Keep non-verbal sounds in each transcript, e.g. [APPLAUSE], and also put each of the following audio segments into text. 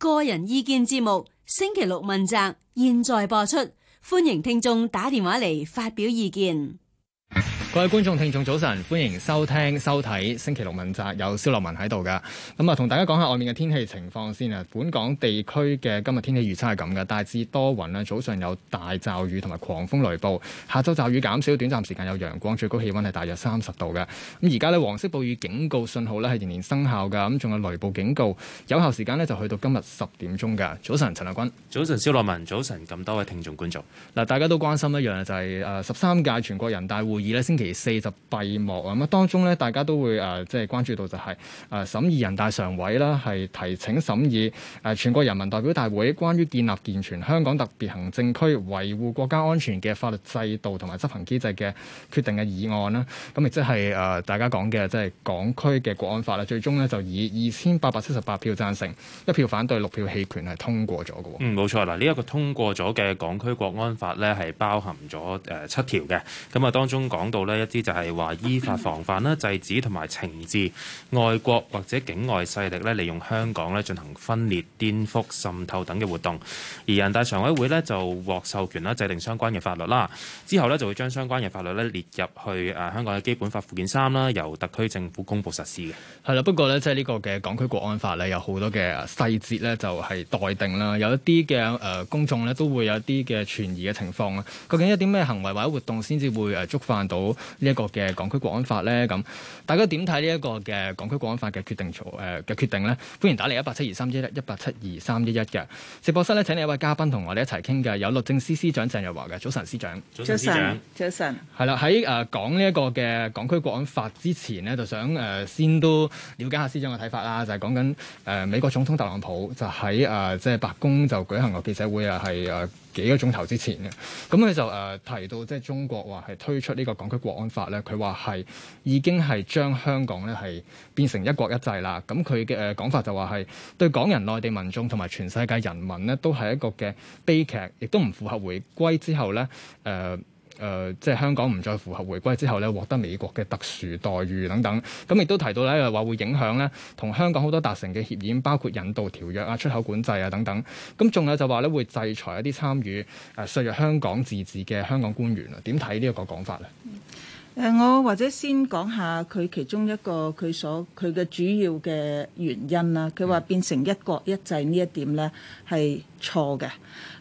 個人意見節目星期六問責，現在播出，歡迎聽眾打電話嚟發表意見。各位觀眾、聽眾，早晨，歡迎收聽、收睇《星期六問責》，有蕭樂文喺度㗎。咁、嗯、啊，同大家講下外面嘅天氣情況先啊。本港地區嘅今日天氣預測係咁嘅，大致多雲啦，早上有大驟雨同埋狂風雷暴。下晝驟雨減少，短暫時間有陽光，最高氣温係大約三十度嘅。咁而家呢，黃色暴雨警告信號呢係仍然生效㗎，咁、嗯、仲有雷暴警告，有效時間呢就去到今日十點鐘㗎。早晨，陳亮君。早晨，蕭樂文。早晨，咁多位聽眾、觀眾。嗱，大家都關心一樣就係誒十三屆全國人大會議咧，先。其四十閉幕啊！咁啊，當中咧，大家都會誒，即係關注到就係誒審議人大常委啦，係提請審議誒全國人民代表大會關於建立健全香港特別行政區維護國家安全嘅法律制度同埋執行機制嘅決定嘅議案啦。咁亦即係誒大家講嘅，即係港區嘅國安法啦。最終呢就以二千八百七十八票贊成，一票反對，六票棄權係通過咗嘅。嗯，冇錯啦。呢、這、一個通過咗嘅港區國安法呢係包含咗誒七條嘅。咁啊，當中講到一啲就係話依法防範啦、制止同埋懲治外國或者境外勢力咧，利用香港咧進行分裂、顛覆、滲透等嘅活動。而人大常委會咧就獲授權啦，制定相關嘅法律啦。之後咧就會將相關嘅法律咧列入去誒香港嘅基本法附件三啦，由特區政府公布實施嘅。係啦，不過咧即係呢個嘅港區國安法咧有好多嘅細節咧就係待定啦。有一啲嘅誒公眾咧都會有一啲嘅存疑嘅情況啊。究竟一啲咩行為或者活動先至會誒觸犯到？呢一個嘅港區國安法咧，咁大家點睇呢一個嘅港區國安法嘅決定措嘅、呃、決定咧？歡迎打嚟一八七二三一一一八七二三一一嘅直播室咧，請你一位嘉賓同我哋一齊傾嘅，有律政司司，司長鄭若驊嘅。早晨，司長。早晨。早晨。係啦，喺誒講呢一個嘅港區國安法之前呢，就想誒先都了解下司長嘅睇法啦，就係講緊誒美國總統特朗普就喺誒即係白宮就舉行個記者會啊，係、呃、誒。幾個鐘頭之前嘅，咁佢就誒、呃、提到即係中國話係推出呢、呢個港區國安法咧，佢話係已經係將香港咧係變成一國一制啦。咁佢嘅誒講法就話係對港人、內地民眾同埋全世界人民咧都係一個嘅悲劇，亦都唔符合回歸之後咧誒。呃誒、呃，即係香港唔再符合回歸之後咧，獲得美國嘅特殊待遇等等。咁亦都提到咧，又話會影響咧，同香港好多達成嘅協議，包括引渡條約啊、出口管制啊等等。咁仲有就話咧，會制裁一啲參與誒、呃、削弱香港自治嘅香港官員啊。點睇呢一個講法咧？誒、呃，我或者先講下佢其中一個佢所佢嘅主要嘅原因啦。佢話變成一國一制呢一點咧係錯嘅。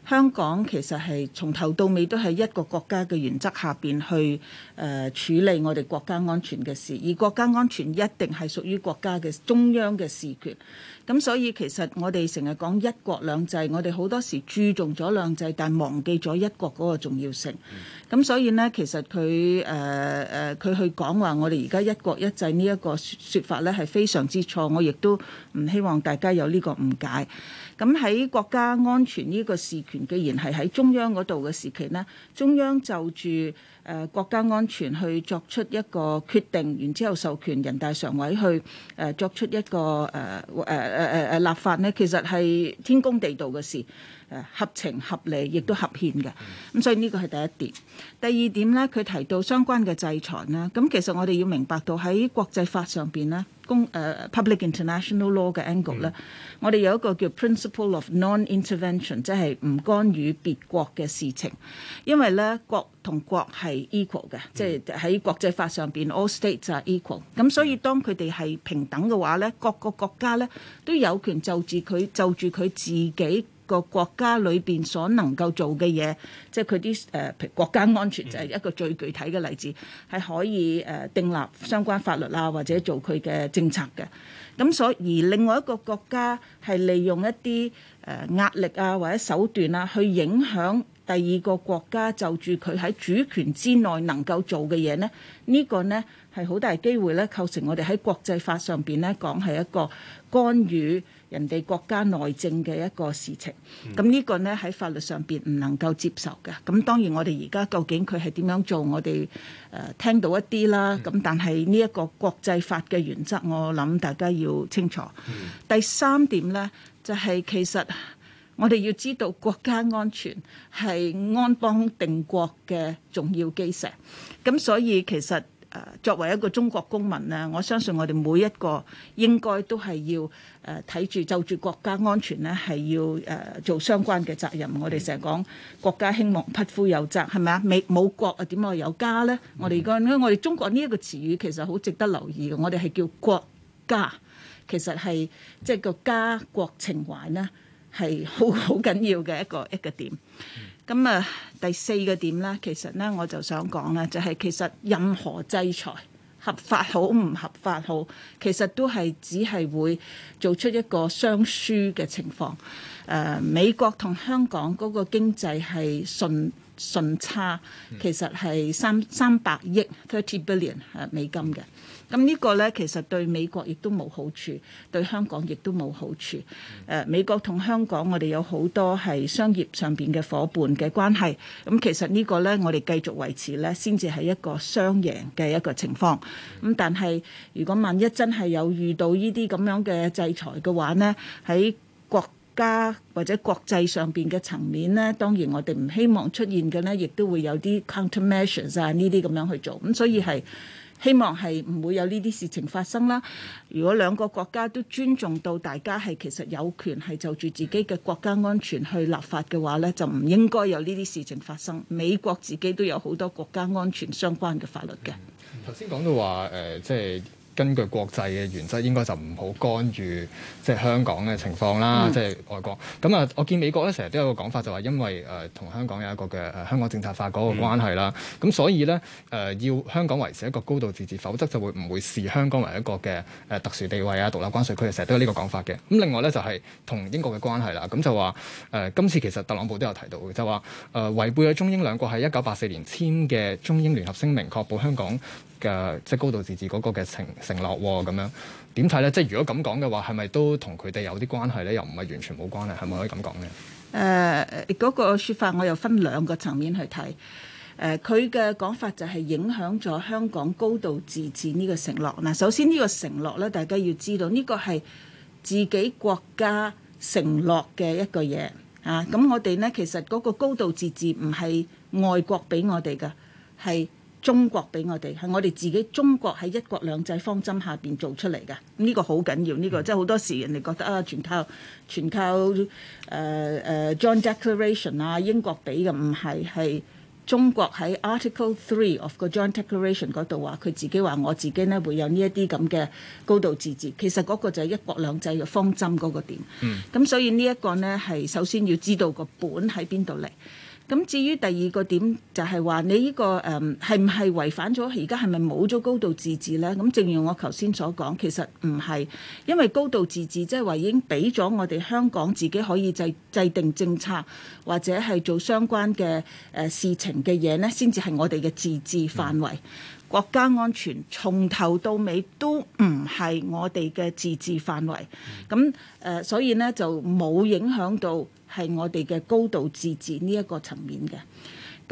香港其實係從頭到尾都係一個國家嘅原則下邊去誒、呃、處理我哋國家安全嘅事，而國家安全一定係屬於國家嘅中央嘅事權。咁所以其實我哋成日講一國兩制，我哋好多時注重咗兩制，但忘記咗一國嗰個重要性。咁所以呢，其實佢誒誒佢去講話我哋而家一國一制呢一個説法呢係非常之錯，我亦都唔希望大家有呢個誤解。咁喺國家安全呢個事權，既然係喺中央嗰度嘅時期呢，中央就住誒、呃、國家安全去作出一個決定，然之後授權人大常委去誒、呃、作出一個誒誒誒誒誒立法呢，其實係天公地道嘅事。合情合理，亦都合憲嘅咁、mm. 嗯，所以呢個係第一點。第二點呢，佢提到相關嘅制裁啦。咁、嗯、其實我哋要明白到喺國際法上邊咧，公誒、uh, public international law 嘅 angle 呢，mm. 我哋有一個叫 principle of non-intervention，即係唔干預別國嘅事情。因為呢，國同國係 equal 嘅，mm. 即係喺國際法上邊，all states 係 equal、mm. 嗯。咁所以當佢哋係平等嘅話呢，各個國家呢，都有權就住佢就住佢自己個國家裏邊所能夠做嘅嘢，即係佢啲，誒，呃、譬如國家安全就係一個最具體嘅例子，係可以誒訂、呃、立相關法律啊，或者做佢嘅政策嘅。咁所以，而另外一個國家係利用一啲誒壓力啊，或者手段啊，去影響第二個國家就住佢喺主權之內能夠做嘅嘢呢呢、呢個呢，係好大機會呢，構成我哋喺國際法上邊呢，講係一個干預。人哋國家內政嘅一個事情，咁呢個呢，喺法律上邊唔能夠接受嘅。咁當然我哋而家究竟佢係點樣做，我哋誒、呃、聽到一啲啦。咁但係呢一個國際法嘅原則，我諗大家要清楚。嗯、第三點呢，就係、是、其實我哋要知道國家安全係安邦定國嘅重要基石。咁所以其實。作為一個中國公民咧，我相信我哋每一個應該都係要誒睇住就住國家安全咧，係要誒、呃、做相關嘅責任。我哋成日講國家興亡匹夫有責，係咪啊？未冇國啊，點會有家呢？我哋而家我哋中國呢一個詞語其實好值得留意嘅。我哋係叫國家，其實係即係個家國情懷呢，呢係好好緊要嘅一個一個點。咁啊、嗯，第四個點啦，其實咧我就想講啦，就係、是、其實任何制裁合法好唔合法好，其實都係只係會做出一個雙輸嘅情況。誒、呃，美國同香港嗰個經濟係順順差，其實係三三百億 thirty billion 美金嘅。咁呢個呢，其實對美國亦都冇好處，對香港亦都冇好處。誒、呃，美國同香港，我哋有好多係商業上邊嘅伙伴嘅關係。咁、嗯、其實呢個呢，我哋繼續維持呢，先至係一個雙贏嘅一個情況。咁、嗯、但係，如果萬一真係有遇到呢啲咁樣嘅制裁嘅話呢，喺國家或者國際上邊嘅層面呢，當然我哋唔希望出現嘅呢，亦都會有啲 countermeasures 啊，呢啲咁樣去做。咁、嗯、所以係。希望係唔會有呢啲事情發生啦。如果兩個國家都尊重到大家係其實有權係就住自己嘅國家安全去立法嘅話呢，就唔應該有呢啲事情發生。美國自己都有好多國家安全相關嘅法律嘅。頭先講到話誒、呃，即係。根據國際嘅原則，應該就唔好干預即係、就是、香港嘅情況啦，嗯、即係外國。咁啊，我見美國咧成日都有個講法，就係、是、因為誒同、呃、香港有一個嘅香港政策法嗰個關係啦。咁、嗯、所以咧誒、呃、要香港維持一個高度自治，否則就會唔會視香港為一個嘅誒特殊地位啊、獨立關稅區成日都有呢個講法嘅。咁另外咧就係、是、同英國嘅關係啦。咁就話誒、呃、今次其實特朗普都有提到，嘅，就話誒違背咗中英兩國喺一九八四年簽嘅中英聯合聲明，確保香港。嘅即係高度自治嗰個嘅承承諾，咁樣點睇呢？即係如果咁講嘅話，係咪都同佢哋有啲關係呢？又唔係完全冇關係，係咪可以咁講呢？誒、呃，嗰個説法我又分兩個層面去睇。誒，佢嘅講法就係影響咗香港高度自治呢個承諾。嗱、呃，首先呢個承諾呢，大家要知道呢個係自己國家承諾嘅一個嘢啊。咁我哋呢，其實嗰個高度自治唔係外國俾我哋嘅，係。中國俾我哋係我哋自己。中國喺一國兩制方針下邊做出嚟嘅，呢、這個好緊要。呢、這個即係好多時人哋覺得啊，全靠全靠誒誒 Joint Declaration 啊，英國俾嘅唔係，係中國喺 Article Three of 個 Joint Declaration 嗰度話佢自己話我自己呢會有呢一啲咁嘅高度自治。其實嗰個就係一國兩制嘅方針嗰個點。咁、嗯、所以呢一個呢，係首先要知道個本喺邊度嚟。咁至於第二個點，就係話你呢個誒係唔係違反咗而家係咪冇咗高度自治呢？咁正如我頭先所講，其實唔係，因為高度自治即係話已經俾咗我哋香港自己可以制制定政策或者係做相關嘅誒事情嘅嘢呢先至係我哋嘅自治範圍。嗯、國家安全從頭到尾都唔係我哋嘅自治範圍。咁誒、嗯呃，所以呢，就冇影響到。係我哋嘅高度自治呢一個層面嘅，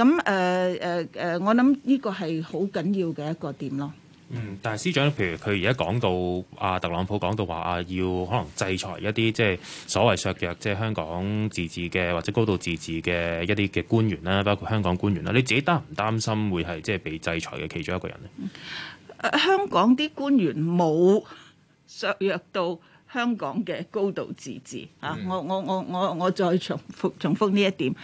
咁誒誒誒，我諗呢個係好緊要嘅一個點咯。嗯，但係司長，譬如佢而家講到阿、啊、特朗普講到話啊，要可能制裁一啲即係所謂削弱即係、就是、香港自治嘅或者高度自治嘅一啲嘅官員啦，包括香港官員啦，你自己擔唔擔心會係即係被制裁嘅其中一個人咧、嗯呃？香港啲官員冇削弱到香港嘅高度自治啊！我我我我我再重複、重複呢一點，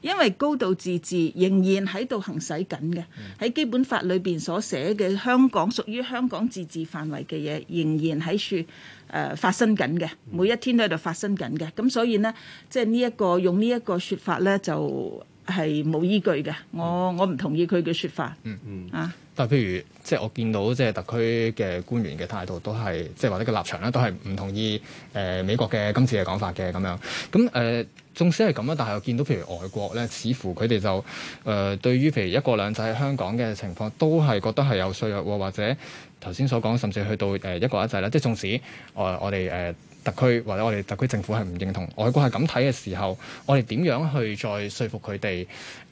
因為高度自治仍然喺度行使緊嘅，喺基本法裏邊所寫嘅香港屬於香港自治範圍嘅嘢，仍然喺處誒、呃、發生緊嘅，每一天都喺度發生緊嘅，咁所以呢，即係呢一個用呢一個説法呢，就，係冇依據嘅，我、嗯、我唔同意佢嘅説法。嗯嗯啊，但係譬如即係我見到即係特區嘅官員嘅態度都係即係或者個立場咧，都係唔同意誒、呃、美國嘅今次嘅講法嘅咁樣。咁誒縱使係咁啦，但係我見到譬如外國咧，似乎佢哋就誒、呃、對於譬如一國兩制香港嘅情況，都係覺得係有削弱或者頭先所講，甚至去到誒、呃、一國一制啦。即係縱使我、呃、我哋誒。呃特區或者我哋特區政府係唔認同，外國係咁睇嘅時候，我哋點樣去再說服佢哋，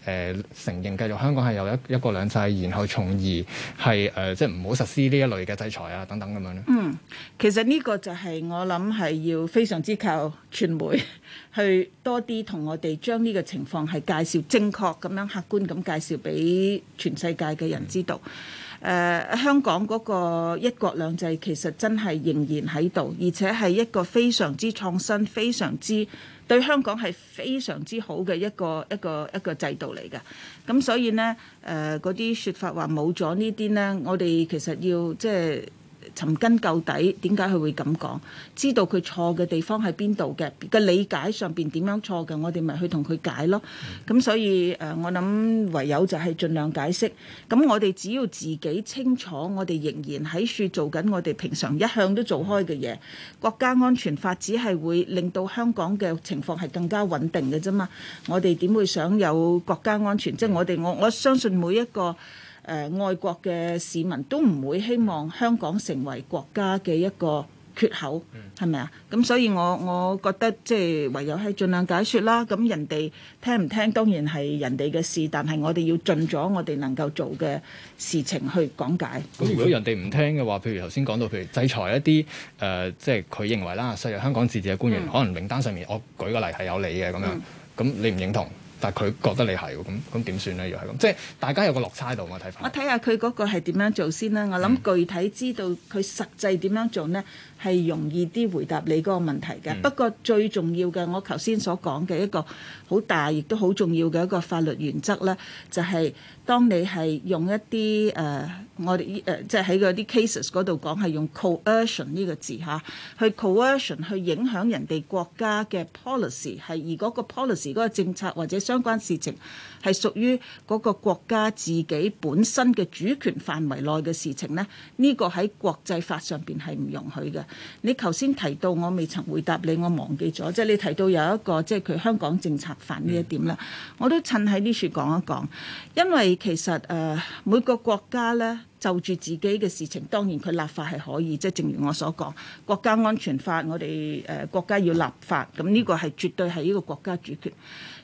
誒承認繼續香港係有一一國兩制，然後從而係誒即係唔好實施呢一類嘅制裁啊等等咁樣呢？嗯，其實呢個就係、是、我諗係要非常之靠傳媒去多啲同我哋將呢個情況係介紹正確咁樣，客觀咁介紹俾全世界嘅人知道。嗯誒、uh, 香港嗰個一國兩制其實真係仍然喺度，而且係一個非常之創新、非常之對香港係非常之好嘅一個一個一個制度嚟嘅。咁所以呢，誒嗰啲說法話冇咗呢啲呢，我哋其實要即係。就是尋根究底，點解佢會咁講？知道佢錯嘅地方喺邊度嘅，嘅理解上邊點樣錯嘅，我哋咪去同佢解咯。咁所以誒，我諗唯有就係盡量解釋。咁我哋只要自己清楚，我哋仍然喺處做緊我哋平常一向都做開嘅嘢。國家安全法只係會令到香港嘅情況係更加穩定嘅啫嘛。我哋點會想有國家安全？即係我哋我我相信每一個。誒，外、呃、國嘅市民都唔會希望香港成為國家嘅一個缺口，係咪啊？咁所以我我覺得即係唯有係盡量解説啦。咁人哋聽唔聽當然係人哋嘅事，但係我哋要盡咗我哋能夠做嘅事情去講解。咁、嗯、如果人哋唔聽嘅話，譬如頭先講到，譬如制裁一啲誒、呃，即係佢認為啦，涉及香港自治嘅官員，嗯、可能名單上面我舉個例係有你嘅咁樣，咁、嗯嗯、你唔認同？但係佢覺得你係喎，咁咁點算咧？又係咁，即係大家有個落差度我睇法。我睇下佢嗰個係點樣做先啦。我諗具體知道佢實際點樣做咧。嗯係容易啲回答你嗰個問題嘅。Mm. 不過最重要嘅，我頭先所講嘅一個好大亦都好重要嘅一個法律原則呢，就係、係、當你係用一啲誒、呃、我哋誒即係喺嗰啲 cases 嗰度講係用 coercion 呢個字嚇，去 coercion 去影響人哋國家嘅 policy，係而嗰個 policy 嗰個政策或者相關事情係屬於嗰個國家自己本身嘅主權範圍內嘅事情呢，呢、呢個喺國際法上邊係唔容許嘅。你頭先提到我未曾回答你，我忘記咗，即係你提到有一個即係佢香港政策法呢一點啦，我都趁喺呢處講一講，因為其實誒、呃、每個國家呢，就住自己嘅事情，當然佢立法係可以，即係正如我所講，國家安全法我哋誒、呃、國家要立法，咁呢個係絕對係一個國家主權。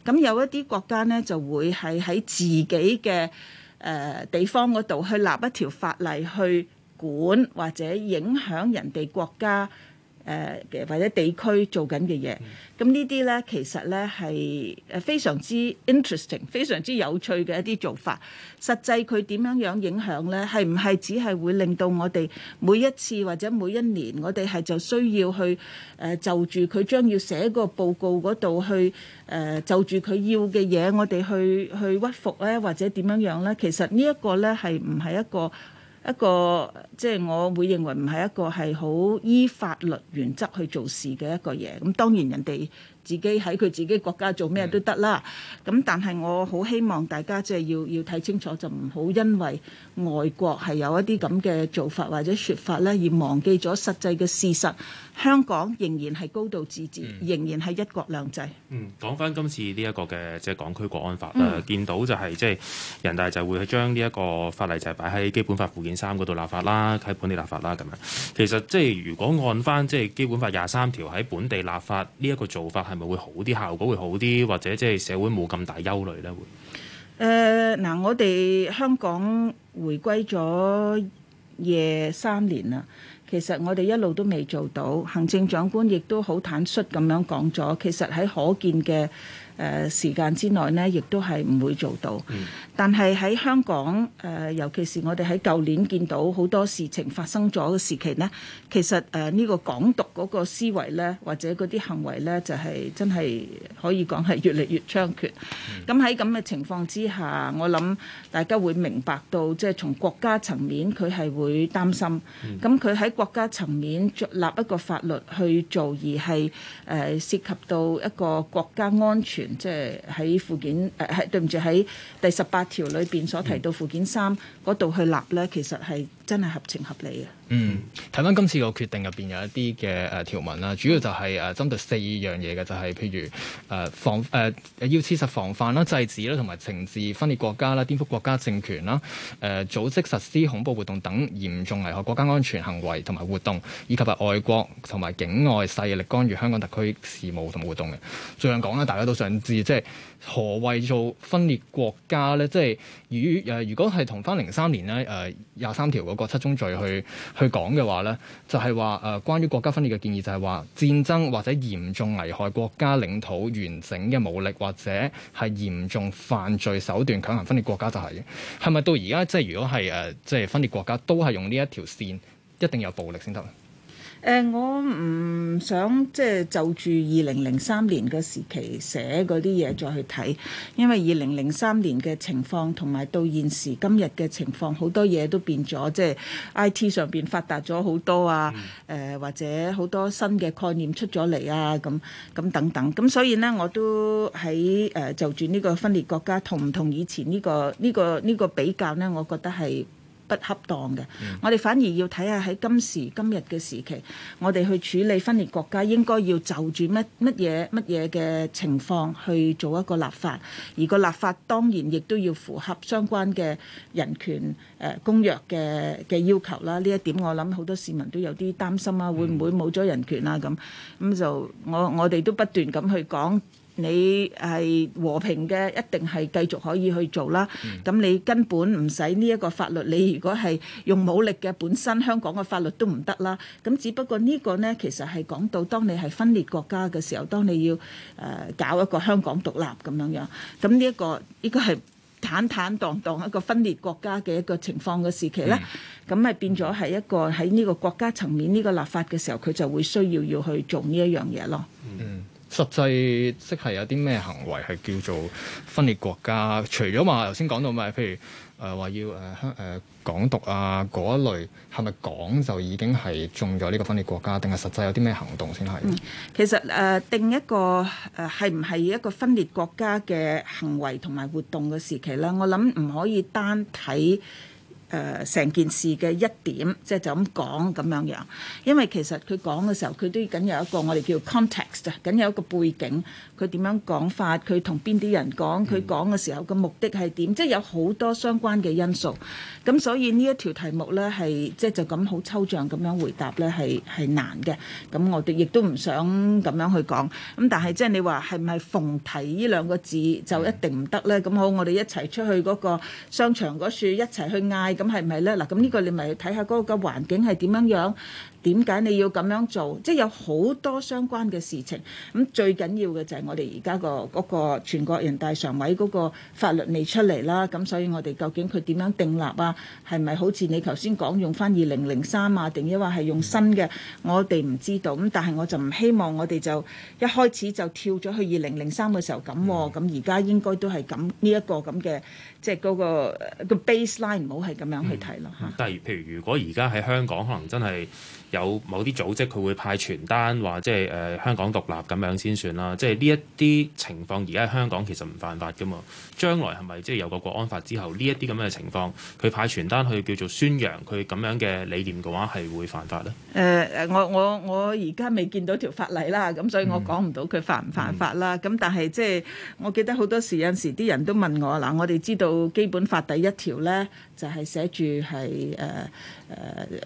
咁有一啲國家呢，就會係喺自己嘅誒、呃、地方嗰度去立一條法例去。管或者影響人哋國家誒、呃、或者地區做緊嘅嘢，咁呢啲咧其實咧係誒非常之 interesting、非常之有趣嘅一啲做法。實際佢點樣樣影響咧，係唔係只係會令到我哋每一次或者每一年我哋係就需要去誒、呃、就住佢將要寫個報告嗰度去誒、呃、就住佢要嘅嘢，我哋去去屈服咧，或者點樣樣咧？其實呢一個咧係唔係一個。一個，即係我會認為唔係一個係好依法律原則去做事嘅一個嘢，咁當然人哋自己喺佢自己國家做咩都得啦，咁但係我好希望大家即係要要睇清楚，就唔好因為外國係有一啲咁嘅做法或者説法咧，而忘記咗實際嘅事實。香港仍然係高度自治，仍然係一國兩制。嗯，講翻今次呢一個嘅即係港區國安法，誒見到就係即係人大就會去將呢一個法例就係擺喺基本法附件三嗰度立法啦，喺本地立法啦咁樣。其實即係如果按翻即係基本法廿三條喺本地立法呢一個做法係。係咪會好啲，效果會好啲，或者即係社會冇咁大憂慮呢？會，誒，嗱，我哋香港回歸咗廿三年啦，其實我哋一路都未做到，行政長官亦都好坦率咁樣講咗，其實喺可見嘅。誒時間之內呢，亦都係唔會做到。但係喺香港誒，尤其是我哋喺舊年見到好多事情發生咗嘅時期呢，其實誒呢個港獨嗰個思維呢，或者嗰啲行為呢，就係真係可以講係越嚟越猖獗。咁喺咁嘅情況之下，我諗大家會明白到，即係從國家層面，佢係會擔心。咁佢喺國家層面立一個法律去做，而係誒涉及到一個國家安全。即係喺附件，誒、呃、係對唔住，喺第十八條裏邊所提到附件三嗰度去立咧，其實係。真係合情合理嘅。嗯，睇翻今次個決定入邊有一啲嘅誒條文啦，主要就係誒針對四樣嘢嘅，就係、是、譬如誒、呃、防誒、呃、要切實防範啦、制止啦，同埋懲治分裂國家啦、顛覆國家政權啦、誒、呃、組織實施恐怖活動等嚴重危害國家安全行為同埋活動，以及係外國同埋境外勢力干預香港特區事務同活動嘅。儘量講啦，大家都想知，即係何謂做分裂國家呢？即係。如誒，如果係同返零三年咧誒廿三條嗰個七宗罪去去講嘅話咧，就係話誒關於國家分裂嘅建議，就係話戰爭或者嚴重危害國家領土完整嘅武力，或者係嚴重犯罪手段強行分裂國家，就係嘅。係咪到而家，即係如果係誒、呃、即係分裂國家都係用呢一條線，一定有暴力先得？誒、呃，我唔想即係就住二零零三年嘅時期寫嗰啲嘢再去睇，因為二零零三年嘅情況同埋到現時今日嘅情況好多嘢都變咗，即係 I T 上邊發達咗好多啊，誒、嗯呃、或者好多新嘅概念出咗嚟啊，咁咁等等，咁所以呢，我都喺誒、呃、就住呢個分裂國家同唔同以前呢、呢個呢、呢個呢、呢個比較呢，我覺得係不恰當嘅，mm. 我哋反而要睇下喺今時今日嘅時期，我哋去處理分裂國家應該要就住乜乜嘢乜嘢嘅情況去做一個立法，而個立法當然亦都要符合相關嘅人權誒、呃、公約嘅嘅要求啦。呢一點我諗好多市民都有啲擔心啊，會唔會冇咗人權啊？咁咁、mm. 就我我哋都不斷咁去講，你係和平嘅，一定係繼續可以去做啦。咁你根本唔使呢一個法律。你如果係用武力嘅本身，香港嘅法律都唔得啦。咁只不過呢個呢，其實係講到當你係分裂國家嘅時候，當你要誒搞一個香港獨立咁樣樣。咁呢一個呢個係坦坦蕩蕩一個分裂國家嘅一個情況嘅時期呢。咁咪變咗係一個喺呢個國家層面呢個立法嘅時候，佢就會需要要去做呢一樣嘢咯。嗯。實際即係有啲咩行為係叫做分裂國家？除咗話頭先講到咩，譬如誒話、呃、要誒香誒港獨啊嗰一類，係咪講就已經係中咗呢個分裂國家？定係實際有啲咩行動先係、嗯？其實誒、呃、定一個誒係唔係一個分裂國家嘅行為同埋活動嘅時期咧，我諗唔可以單睇。誒成件事嘅一點，即係就咁講咁樣樣，因為其實佢講嘅時候，佢都僅有一個我哋叫 context 嘅，僅有一個背景，佢點樣講法，佢同邊啲人講，佢講嘅時候個目的係點，即係有好多相關嘅因素。咁所以呢一條題目咧，係即係就咁好抽象咁樣回答咧，係係難嘅。咁我哋亦都唔想咁樣去講。咁但係即係你話係唔係逢提呢兩個字就一定唔得咧？咁好，我哋一齊出去嗰個商場嗰處一齊去嗌咁。咁係唔係咧？嗱，咁呢個你咪睇下嗰個環境係點樣樣。點解你要咁樣做？即係有好多相關嘅事情。咁最緊要嘅就係我哋而家個嗰個全國人大常委嗰個法律未出嚟啦。咁所以，我哋究竟佢點樣定立啊？係咪好似你頭先講用返二零零三啊？定抑或係用新嘅？我哋唔知道。咁但係我就唔希望我哋就一開始就跳咗去二零零三嘅時候咁。咁而家應該都係咁呢一個咁嘅，即係嗰個個 baseline 唔好係咁樣去睇咯嚇。但係譬如如果而家喺香港，可能真係。有某啲組織佢會派傳單，話即係誒香港獨立咁樣先算啦。即係呢一啲情況，而家香港其實唔犯法噶嘛。將來係咪即係有個國安法之後，呢一啲咁樣嘅情況，佢派傳單去叫做宣揚佢咁樣嘅理念嘅話，係會犯法咧？誒誒、呃，我我我而家未見到條法例啦，咁所以我講唔到佢犯唔犯法啦。咁、嗯嗯、但係即係我記得好多時有時啲人都問我嗱，我哋知道基本法第一條咧。就係寫住係誒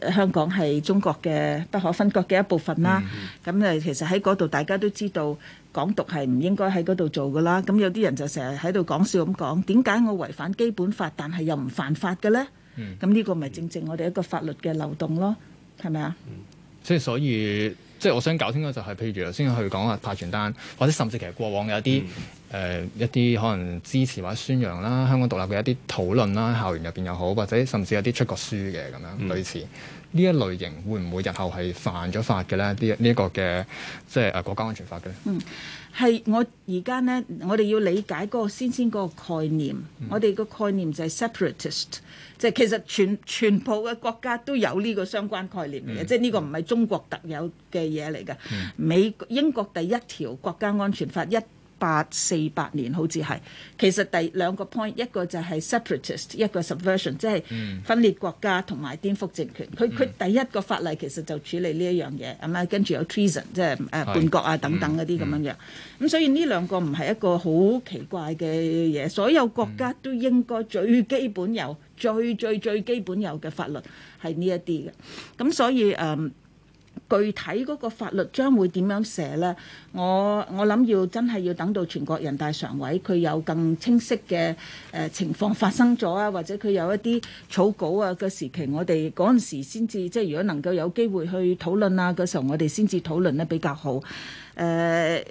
誒香港係中國嘅不可分割嘅一部分啦。咁誒其實喺嗰度大家都知道港獨係唔應該喺嗰度做㗎啦。咁有啲人就成日喺度講笑咁講，點解我違反基本法，但係又唔犯法嘅咧？咁呢個咪正正我哋一個法律嘅漏洞咯，係咪啊？即係所以，即係我想搞清楚就係，譬如頭先去講啊派傳單，或者甚至其實過往有啲。誒、呃、一啲可能支持或者宣揚啦，香港獨立嘅一啲討論啦，校園入邊又好，或者甚至有啲出過書嘅咁樣、嗯、類似呢一類型，會唔會日後係犯咗法嘅咧？呢呢一個嘅即係、呃、國家安全法嘅咧？嗯，係我而家呢，我哋要理解嗰個先先嗰個概念。嗯、我哋個概念就係 separatist，即係其實全全部嘅國家都有呢個相關概念嘅，嗯嗯、即係呢個唔係中國特有嘅嘢嚟嘅。美、嗯、英國第一條國家安全法一八四八年好似係，其實第兩個 point 一個就係 separatist，一個 subversion，即係分裂國家同埋顛覆政權。佢佢、嗯、第一個法例其實就處理呢一樣嘢，咁啊、嗯、跟住有 treason，即係誒、呃、是叛國啊等等嗰啲咁樣樣。咁、嗯嗯嗯、所以呢兩個唔係一個好奇怪嘅嘢，所有國家都應該最基本有、嗯、最最最基本有嘅法律係呢一啲嘅。咁所以誒。嗯具體嗰個法律將會點樣寫咧？我我諗要真係要等到全國人大常委佢有更清晰嘅誒、呃、情況發生咗啊，或者佢有一啲草稿啊嘅時期，我哋嗰陣時先至即係如果能夠有機會去討論啊嘅時候，我哋先至討論咧比較好。誒、呃、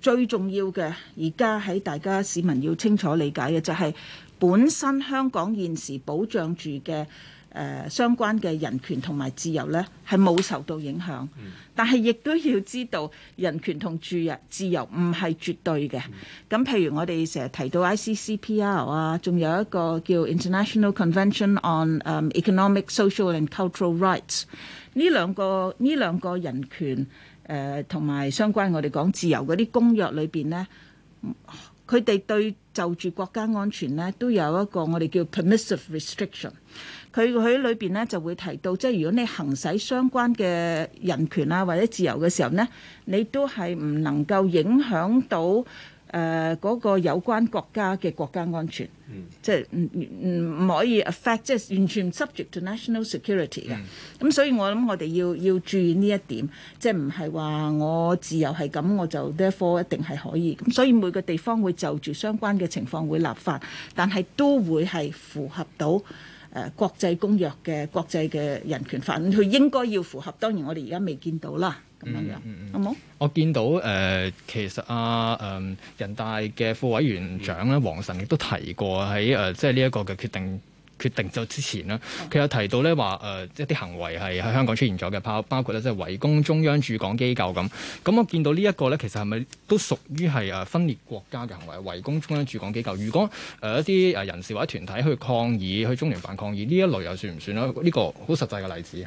最重要嘅而家喺大家市民要清楚理解嘅就係、是、本身香港現時保障住嘅。誒、呃、相關嘅人權同埋自由呢，係冇受到影響。但係亦都要知道，人權同住人自由唔係絕對嘅。咁譬如我哋成日提到 ICCPR 啊，仲有一個叫 International Convention on、um, Economic, Social and Cultural Rights。呢兩個呢兩個人權誒、同埋相關我哋講自由嗰啲公約裏邊呢。嗯佢哋對就住國家安全呢，都有一個我哋叫 permissive restriction。佢喺裏邊呢就會提到，即係如果你行使相關嘅人權啊或者自由嘅時候呢，你都係唔能夠影響到。誒嗰、uh, 個有關國家嘅國家安全，mm. 即係唔唔可以 affect，即係完全 subject to national security 嘅。咁、mm. 嗯、所以我諗我哋要要注意呢一點，即係唔係話我自由係咁我就 therefore 一定係可以。咁所以每個地方會就住相關嘅情況會立法，但係都會係符合到誒、呃、國際公約嘅國際嘅人權法，佢應該要符合。當然我哋而家未見到啦。咁樣樣好冇？我見到誒、呃，其實啊，誒人大嘅副委員長咧，王晨亦都提過喺誒，即係呢一個嘅決定決定咗之前咧，佢有提到咧話誒，一啲行為係喺香港出現咗嘅，包包括咧即係圍攻中央駐港機構咁。咁我見到呢一個咧，其實係咪都屬於係啊分裂國家嘅行為？圍攻中央駐港機構，如果誒一啲誒人士或者團體去抗議，去中聯辦抗議呢一類又算唔算咧？呢、呢個好實際嘅例子係。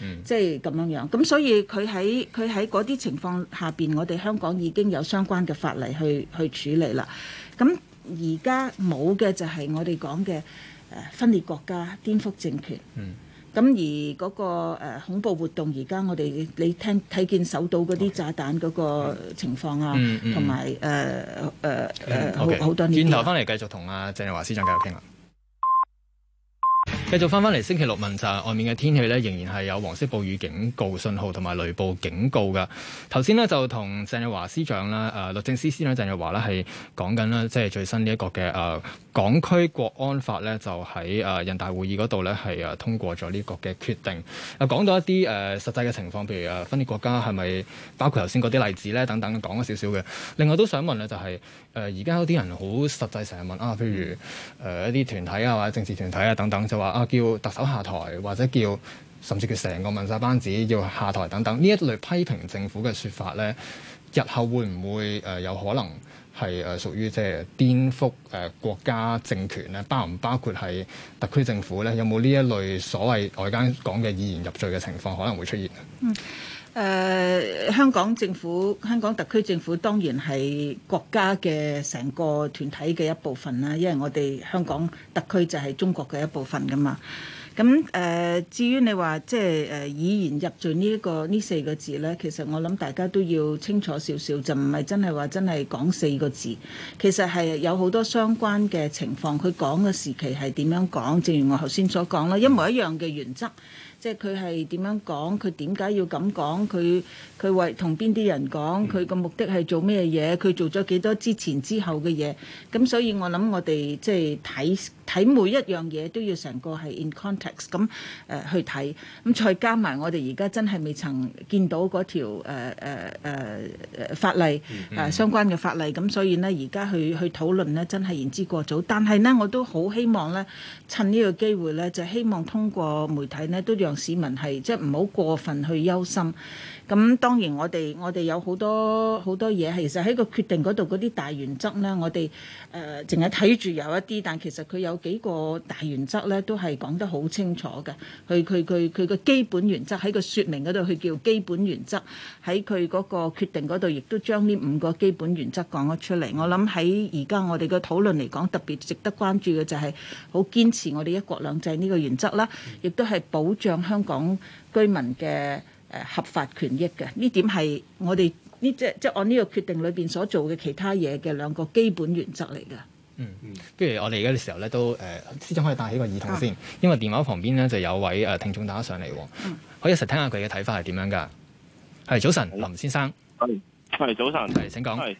嗯、即係咁樣樣，咁所以佢喺佢喺嗰啲情況下邊，我哋香港已經有相關嘅法例去去處理啦。咁而家冇嘅就係我哋講嘅誒分裂國家、顛覆政權。嗯。咁而嗰、那個、呃、恐怖活動，而家我哋你聽睇見手到嗰啲炸彈嗰個情況啊，同埋誒誒誒好多年。轉頭翻嚟繼續同阿、啊、鄭耀華司長繼續傾啦。繼續翻翻嚟星期六問雜、就是，外面嘅天氣呢，仍然係有黃色暴雨警告信號同埋雷暴警告嘅。頭先呢，就同鄭若驊司長啦，誒、呃、律政司司長鄭若驊咧係講緊啦，即、就、係、是、最新呢一個嘅誒、呃、港區國安法呢，就喺誒、呃、人大會議嗰度呢係誒通過咗呢個嘅決定。誒、呃、講到一啲誒、呃、實際嘅情況，譬如誒分裂國家係咪包括頭先嗰啲例子呢？等等，講咗少少嘅。另外都想問呢，就係、是。誒而家有啲人好實際成日問啊，譬如誒、呃、一啲團體啊或者政治團體啊等等，就話啊叫特首下台或者叫甚至佢成個問責班子要下台等等，呢一類批評政府嘅説法咧，日後會唔會誒有可能係誒屬於即係顛覆誒國家政權咧？包唔包括係特區政府咧？有冇呢一類所謂外間講嘅以言入罪嘅情況可能會出現咧？嗯誒、uh, 香港政府、香港特區政府當然係國家嘅成個團體嘅一部分啦，因為我哋香港特區就係中國嘅一部分㗎嘛。咁誒，uh, 至於你話即係誒以言入罪呢一個呢四個字呢，其實我諗大家都要清楚少少，就唔係真係話真係講四個字，其實係有好多相關嘅情況。佢講嘅時期係點樣講？正如我頭先所講啦，一模一樣嘅原則。即係佢係點樣講，佢點解要咁講，佢佢為同邊啲人講，佢個目的係做咩嘢？佢做咗幾多之前之後嘅嘢？咁所以我諗我哋即係睇。睇每一樣嘢都要成個係 in context 咁誒、呃、去睇，咁再加埋我哋而家真係未曾見到嗰條誒誒法例誒相關嘅法例，咁、呃、所以呢而家去去討論呢真係言之過早。但係呢我都好希望呢趁呢個機會呢，就希望通過媒體呢都讓市民係即係唔好過分去憂心。咁當然我哋我哋有好多好多嘢，其實喺個決定嗰度嗰啲大原則呢，我哋誒淨係睇住有一啲，但其實佢有幾個大原則呢，都係講得好清楚嘅。佢佢佢佢個基本原則喺個説明嗰度，佢叫基本原則喺佢嗰個決定嗰度，亦都將呢五個基本原則講咗出嚟。我諗喺而家我哋嘅討論嚟講，特別值得關注嘅就係好堅持我哋一國兩制呢個原則啦，亦都係保障香港居民嘅。誒合法權益嘅呢，點係我哋呢即即係按呢個決定裏邊所做嘅其他嘢嘅兩個基本原則嚟㗎。嗯嗯，跟住我哋而家嘅時候咧，都誒司長可以帶起個耳筒先，因為電話旁邊咧就有位誒、呃、聽眾打上嚟，可以一齊聽一下佢嘅睇法係點樣㗎？係早晨，是林先生。我哋早晨，係請講。係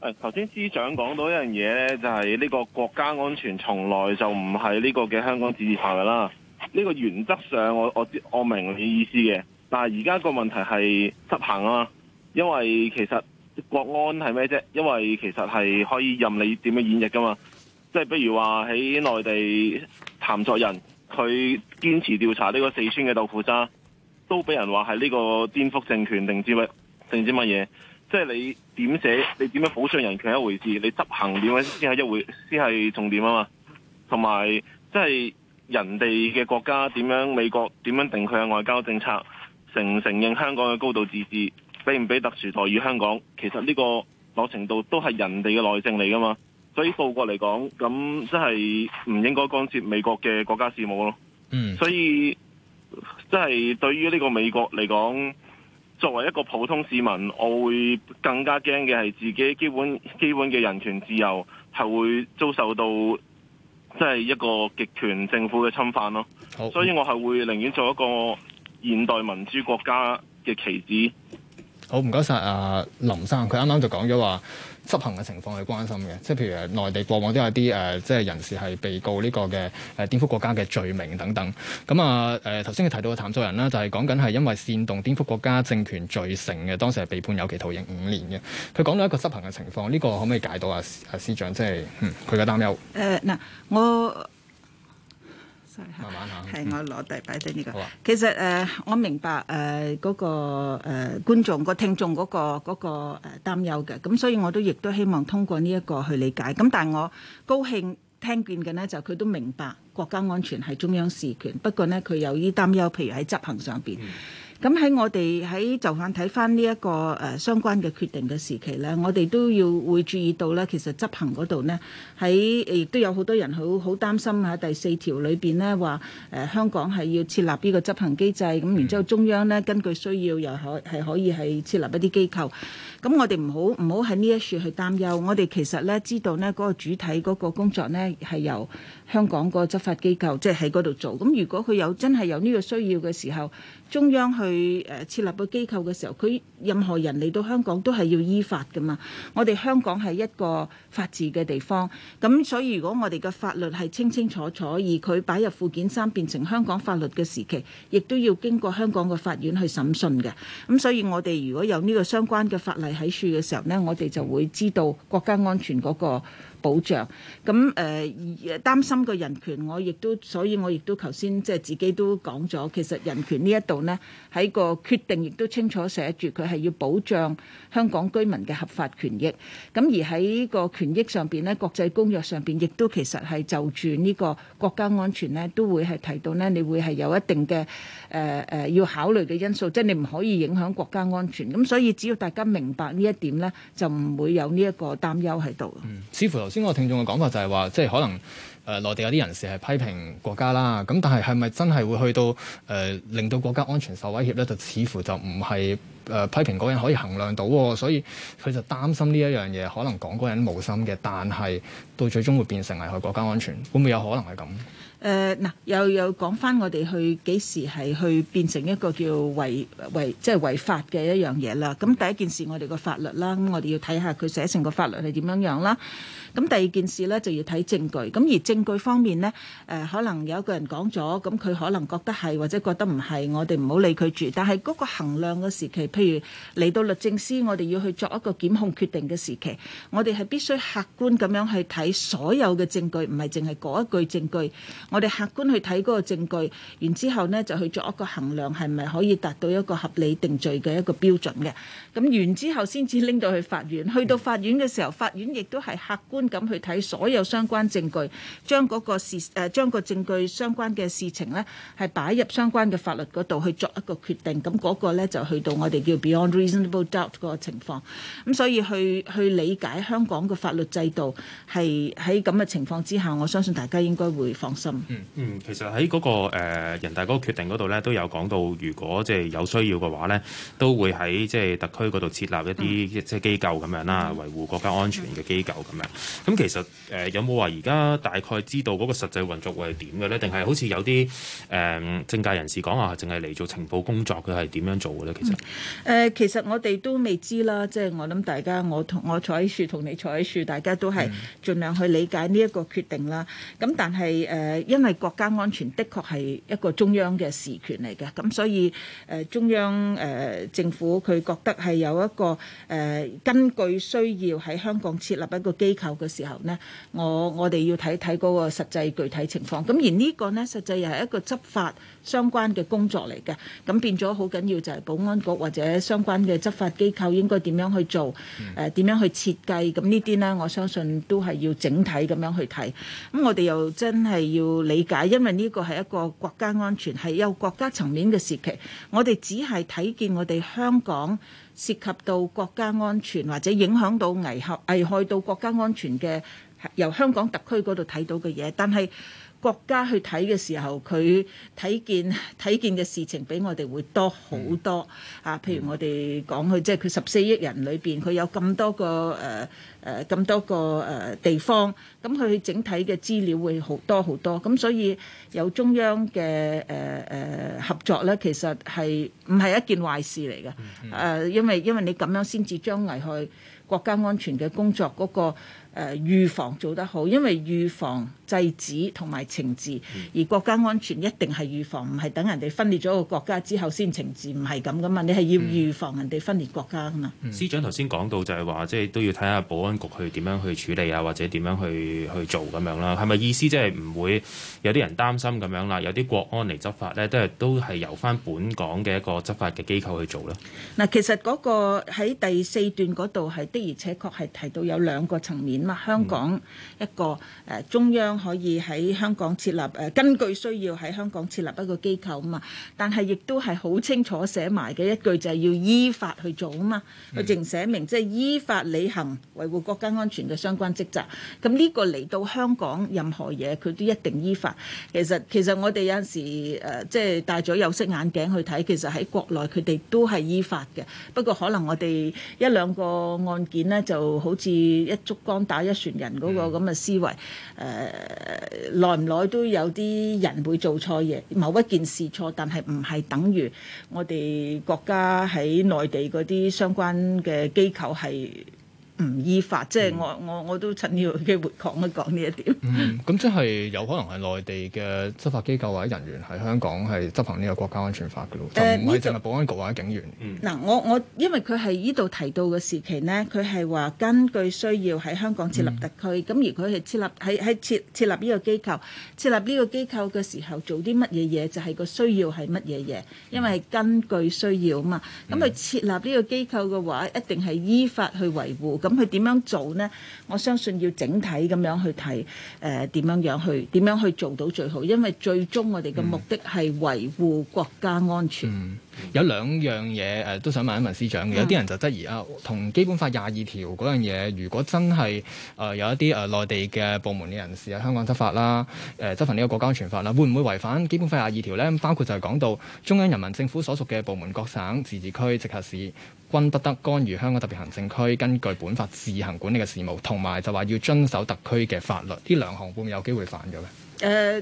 係頭先司長講到一樣嘢咧，就係呢個國家安全從來就唔係呢個嘅香港自治範圍啦。呢、這個原則上我，我我我明你意思嘅。但係而家個問題係執行啊嘛，因為其實國安係咩啫？因為其實係可以任你點樣演繹噶嘛，即係比如話喺內地譚作人，佢堅持調查呢個四川嘅豆腐渣，都俾人話係呢個顛覆政權定之乜定之乜嘢？即係你點寫，你點樣保障人權一回事，你執行點樣先係一回先係重點啊嘛。同埋即係人哋嘅國家點樣，美國點樣定佢嘅外交政策？承唔承認香港嘅高度自治，俾唔俾特殊待遇香港，其實呢個某程度都係人哋嘅內政嚟噶嘛。所以倒過嚟講，咁即係唔應該干涉美國嘅國家事務咯。嗯，所以即係、就是、對於呢個美國嚟講，作為一個普通市民，我會更加驚嘅係自己基本基本嘅人權自由係會遭受到即係、就是、一個極權政府嘅侵犯咯。好，所以我係會寧願做一個。現代民主國家嘅旗子，好唔該晒。啊林生，佢啱啱就講咗話執行嘅情況係關心嘅，即係譬如內地過往都有啲誒、呃，即係人士係被告呢個嘅誒顛覆國家嘅罪名等等。咁啊誒頭先佢提到嘅談作人啦，就係講緊係因為煽動顛覆國家政權罪成嘅，當時係被判有期徒刑五年嘅。佢講到一個執行嘅情況，呢、呢個可唔可以解到啊啊，啊司長即係嗯佢嘅擔憂？誒嗱、呃、我。係係，係我攞低擺低呢個。其實誒，我明白誒嗰、呃那個誒觀眾個聽眾嗰、那個嗰、那個擔憂嘅，咁所以我都亦都希望通過呢一個去理解。咁但係我高興聽見嘅呢，就佢都明白國家安全係中央事權，不過呢，佢有啲擔憂，譬如喺執行上邊。嗯咁喺我哋喺就範睇翻呢一個誒相關嘅決定嘅時期咧，我哋都要會注意到咧，其實執行嗰度咧，喺誒亦都有好多人好好擔心嚇第四條裏邊咧話誒香港係要設立呢個執行機制，咁然之後中央咧根據需要又可係可以係設立一啲機構，咁我哋唔好唔好喺呢一處去擔憂，我哋其實咧知道咧嗰個主體嗰個工作咧係由香港個執法機構即係喺嗰度做。咁如果佢有真係有呢個需要嘅時候，中央去。去誒設立個機構嘅時候，佢任何人嚟到香港都係要依法㗎嘛。我哋香港係一個法治嘅地方，咁所以如果我哋嘅法律係清清楚楚，而佢擺入附件三變成香港法律嘅時期，亦都要經過香港嘅法院去審訊嘅。咁所以我哋如果有呢個相關嘅法例喺處嘅時候呢，我哋就會知道國家安全嗰、那個。保障咁誒擔心嘅人權，我亦都，所以我亦都頭先即係自己都講咗，其實人權呢一度咧喺個決定亦都清楚寫住，佢係要保障香港居民嘅合法權益。咁而喺個權益上邊咧，國際公約上邊亦都其實係就住呢個國家安全咧，都會係提到咧，你會係有一定嘅誒誒要考慮嘅因素，即係你唔可以影響國家安全。咁所以只要大家明白呢一點咧，就唔會有呢一個擔憂喺度。嗯，似乎頭。先我聽眾嘅講法就係話，即係可能誒、呃、內地有啲人士係批評國家啦，咁但係係咪真係會去到誒、呃、令到國家安全受威脅咧？就似乎就唔係誒批評嗰個人可以衡量到、哦，所以佢就擔心呢一樣嘢可能講嗰個人冇心嘅，但係到最終會變成危害國家安全，會唔會有可能係咁？誒嗱，又又講翻我哋去幾時係去變成一個叫違違即係違法嘅一樣嘢啦。咁第一件事我哋個法律啦，咁我哋要睇下佢寫成個法律係點樣樣啦。咁第二件事呢就要睇證據。咁而證據方面呢，誒可能有個人講咗，咁佢可能覺得係或者覺得唔係，我哋唔好理佢住。但係嗰個衡量嘅時期，譬如嚟到律政司，我哋要去作一個檢控決定嘅時期，我哋係必須客觀咁樣去睇所有嘅證據，唔係淨係嗰一句證據。我哋客觀去睇嗰個證據，然之後呢就去做一個衡量，係咪可以達到一個合理定罪嘅一個標準嘅？咁然之後先至拎到去法院。去到法院嘅時候，法院亦都係客觀咁去睇所有相關證據，將嗰個事誒，將個證據相關嘅事情呢，係擺入相關嘅法律嗰度去作一個決定。咁嗰個呢就去到我哋叫 beyond reasonable doubt 個情況。咁所以去去理解香港嘅法律制度，係喺咁嘅情況之下，我相信大家應該會放心。嗯嗯，其實喺嗰、那個、呃、人大嗰個決定嗰度咧，都有講到，如果即係有需要嘅話咧，都會喺即係特區嗰度設立一啲、嗯、即係機構咁樣啦，嗯、維護國家安全嘅機構咁樣。咁、嗯、其實誒、呃、有冇話而家大概知道嗰個實際運作會係點嘅咧？定係好似有啲誒、呃、政界人士講話，淨係嚟做情報工作，佢係點樣做嘅咧？其實誒、嗯呃，其實我哋都未知啦。即、就、係、是、我諗大家，我同我坐喺樹同你坐喺樹，大家都係盡量去理解呢一個決定啦。咁但係誒。呃呃呃。因為國家安全的確係一個中央嘅事權嚟嘅，咁所以誒、呃、中央誒、呃、政府佢覺得係有一個誒、呃、根據需要喺香港設立一個機構嘅時候咧，我我哋要睇睇嗰個實際具體情況，咁而個呢個咧實際又係一個執法相關嘅工作嚟嘅，咁變咗好緊要就係保安局或者相關嘅執法機構應該點樣去做，誒、呃、點樣去設計，咁呢啲咧我相信都係要整體咁樣去睇。咁我哋又真係要。理解，因為呢個係一個國家安全，係有國家層面嘅時期。我哋只係睇見我哋香港涉及到國家安全或者影響到危害危害到國家安全嘅由香港特區嗰度睇到嘅嘢，但係。國家去睇嘅時候，佢睇見睇見嘅事情比我哋會多好多、嗯、啊！譬如我哋講佢，即係佢十四億人裏邊，佢有咁多個誒誒咁多個誒、呃、地方，咁佢整體嘅資料會好多好多。咁所以有中央嘅誒誒合作呢，其實係唔係一件壞事嚟嘅？誒、嗯嗯啊，因為因為你咁樣先至將危害國家安全嘅工作嗰個。誒預防做得好，因為預防制止同埋懲治，而國家安全一定係預防，唔係等人哋分裂咗個國家之後先懲治，唔係咁噶嘛，你係要預防人哋分裂國家噶嘛。嗯、司長頭先講到就係話，即係都要睇下保安局去點樣去處理啊，或者點樣去去做咁樣啦。係咪意思即係唔會有啲人擔心咁樣啦？有啲國安嚟執法呢，都係都係由翻本港嘅一個執法嘅機構去做囉。嗱，其實嗰個喺第四段嗰度係的而且確係提到有兩個層面。香港一個誒、呃、中央可以喺香港設立誒、呃，根據需要喺香港設立一個機構啊嘛。但係亦都係好清楚寫埋嘅一句就係要依法去做啊嘛。佢淨寫明即係依法履行維護國家安全嘅相關職責，咁呢個嚟到香港任何嘢，佢都一定依法。其實其實我哋有陣時誒、呃，即係戴咗有色眼鏡去睇，其實喺國內佢哋都係依法嘅。不過可能我哋一兩個案件咧，就好似一燭光打打一船人嗰個咁嘅思維，誒、mm. 呃，耐唔耐都有啲人會做錯嘢，某一件事錯，但係唔係等於我哋國家喺內地嗰啲相關嘅機構係，唔依法，即係我、嗯、我我都趁呢個機會講一講呢一點。咁、嗯嗯、即係有可能係內地嘅執法機構或者人員喺香港係執行呢個國家安全法嘅咯，就唔係淨係保安局或者警員。嗱、嗯嗯，我我因為佢係呢度提到嘅時期咧，佢係話根據需要喺香港設立特區，咁、嗯、而佢係設立喺喺設設立呢個機構設立呢個機構嘅時候做啲乜嘢嘢，就係、是、個需要係乜嘢嘢，因為根據需要啊嘛。咁佢設立呢個機構嘅話一定係依法去維護。咁佢點樣做呢？我相信要整體咁樣去睇，誒點樣樣去點樣去做到最好？因為最終我哋嘅目的係維護國家安全。Mm. 有兩樣嘢誒、呃、都想問一問司長嘅，有啲人就質疑啊，同基本法廿二條嗰樣嘢，如果真係誒、呃、有一啲誒內地嘅部門嘅人士啊，香港執法啦，誒、呃、執行呢個國家安全法啦，會唔會違反基本法廿二條呢？包括就係講到中央人民政府所屬嘅部門、各省、自治區、直轄市，均不得干預香港特別行政區根據本法自行管理嘅事務，同埋就話要遵守特區嘅法律，呢兩項會唔會有機會犯咗呢？誒、呃、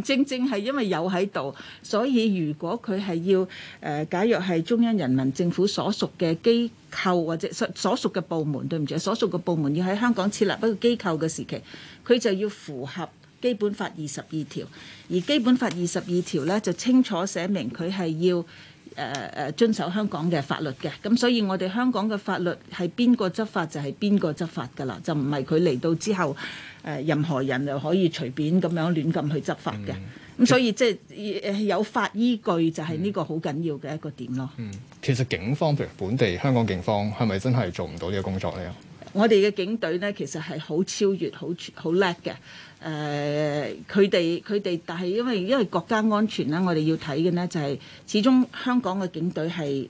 正正係因為有喺度，所以如果佢係要誒、呃，假若係中央人民政府所屬嘅機構或者所屬嘅部門，對唔住，所屬嘅部門要喺香港設立一個機構嘅時期，佢就要符合基本法二十二條。而基本法二十二條呢，就清楚寫明佢係要誒誒、呃、遵守香港嘅法律嘅。咁所以我哋香港嘅法律係邊個執法就係邊個執法㗎啦，就唔係佢嚟到之後。誒、呃、任何人又可以隨便咁樣亂咁去執法嘅，咁、嗯嗯、所以即係誒有法依據就係呢個好緊要嘅一個點咯。嗯，其實警方譬如本地香港警方係咪真係做唔到呢個工作呢？我哋嘅警隊呢，其實係好超越好好叻嘅。誒，佢哋佢哋，但係因為因為國家安全呢，我哋要睇嘅呢，就係、係，始終香港嘅警隊係。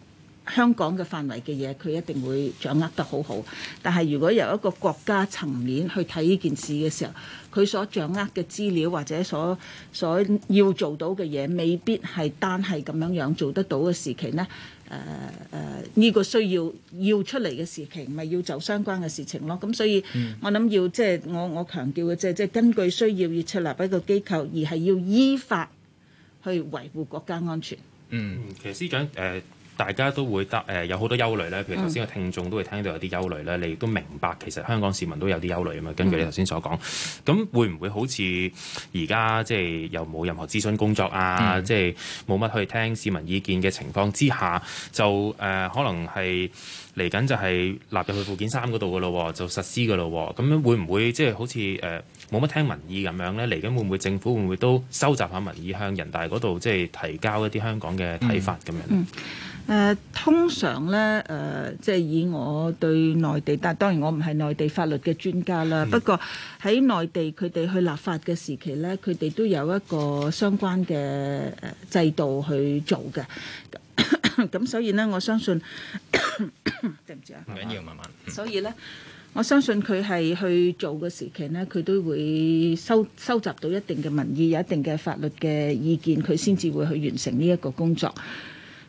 香港嘅範圍嘅嘢，佢一定會掌握得好好。但係如果由一個國家層面去睇呢件事嘅時候，佢所掌握嘅資料或者所所要做到嘅嘢，未必係單係咁樣樣做得到嘅時期呢，誒誒，呢、呃呃，這個需要要出嚟嘅時期，唔係要走相關嘅事情咯。咁所以，嗯、我諗要即係、即係、我我強調嘅，即係即係根據需要要設立一個機構，而係要依法去維護國家安全。嗯，其實司長誒。呃大家都會得誒、呃、有好多憂慮咧，譬如頭先個聽眾都會聽到有啲憂慮咧，嗯、你亦都明白其實香港市民都有啲憂慮啊嘛。根據你頭先所講，咁會唔會好似而家即係又冇任何諮詢工作啊？嗯、即係冇乜去聽市民意見嘅情況之下，就誒、呃、可能係嚟緊就係納入去附件三嗰度嘅咯，就實施嘅咯。咁樣會唔會即係好似誒冇乜聽民意咁樣咧？嚟緊會唔會政府會唔會都收集下民意，向人大嗰度即係提交一啲香港嘅睇法咁樣？嗯嗯誒通常咧，誒即係以我對內地，但係當然我唔係內地法律嘅專家啦。不過喺內地，佢哋去立法嘅時期咧，佢哋都有一個相關嘅誒制度去做嘅。咁所以咧，我相信唔緊要，慢慢，所以咧，我相信佢係去做嘅時期咧，佢都會收收集到一定嘅民意，有一定嘅法律嘅意見，佢先至會去完成呢一個工作。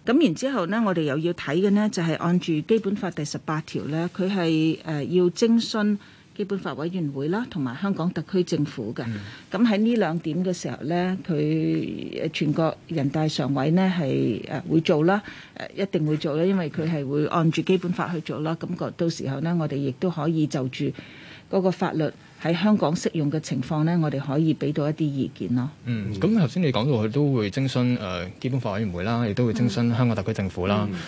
咁然之後呢，我哋又要睇嘅呢，就係按住基本法第十八條呢，佢係誒要徵詢基本法委員會啦，同埋香港特區政府嘅。咁喺呢兩點嘅時候呢，佢誒全國人大常委呢係誒會做啦，誒一定會做啦，因為佢係會按住基本法去做啦。咁個到時候呢，我哋亦都可以就住嗰個法律。喺香港適用嘅情況咧，我哋可以俾到一啲意見咯。嗯，咁頭先你講到佢都會徵詢誒、呃、基本法委員會啦，亦都會徵詢香港特區政府啦。嗯嗯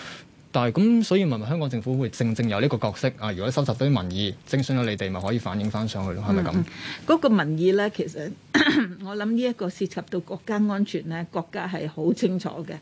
但係咁，所以問問香港政府會正正有呢個角色啊？如果收集到啲民意，徵詢咗你哋，咪可以反映翻上去咯？係咪咁嗰個民意呢？其實我諗呢一個涉及到國家安全呢，國家係好清楚嘅。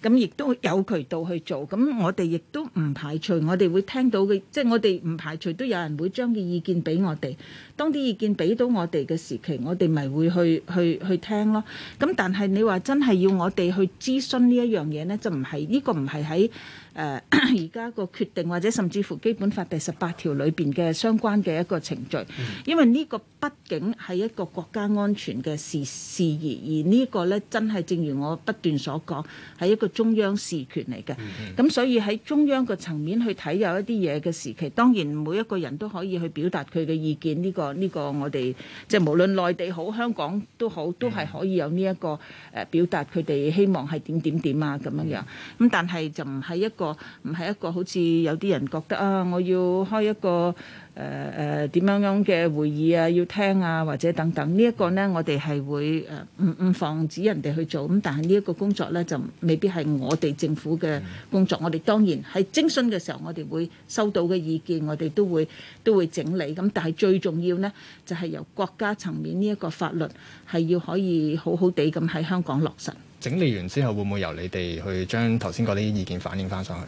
咁亦都有渠道去做。咁我哋亦都唔排除，我哋會聽到嘅，即係我哋唔排除都有人會將嘅意見俾我哋。當啲意見俾到我哋嘅時期，我哋咪會去去去聽咯。咁但係你話真係要我哋去諮詢呢一樣嘢呢，就唔係呢個唔係喺。誒而家個決定，或者甚至乎基本法第十八條裏邊嘅相關嘅一個程序，因為呢個畢竟係一個國家安全嘅事事宜，而呢個咧真係正如我不斷所講，係一個中央事權嚟嘅。咁、嗯嗯、所以喺中央個層面去睇，有一啲嘢嘅時期，當然每一個人都可以去表達佢嘅意見呢、呢個呢、呢個我哋即係無論內地好香港都好，都係可以有呢、啊嗯嗯嗯、一個誒表達佢哋希望係點點點啊咁樣樣咁但係就唔係一個。唔係一個好似有啲人覺得啊，我要開一個誒誒點樣樣嘅會議啊，要聽啊，或者等等呢一個呢，我哋係會誒唔唔防止人哋去做咁，但係呢一個工作呢就未必係我哋政府嘅工作。我哋當然喺徵詢嘅時候，我哋會收到嘅意見，我哋都會都會整理咁。但係最重要呢，就係由國家層面呢一個法律係要可以好好地咁喺香港落實。整理完之後，會唔會由你哋去將頭先嗰啲意見反映翻上去？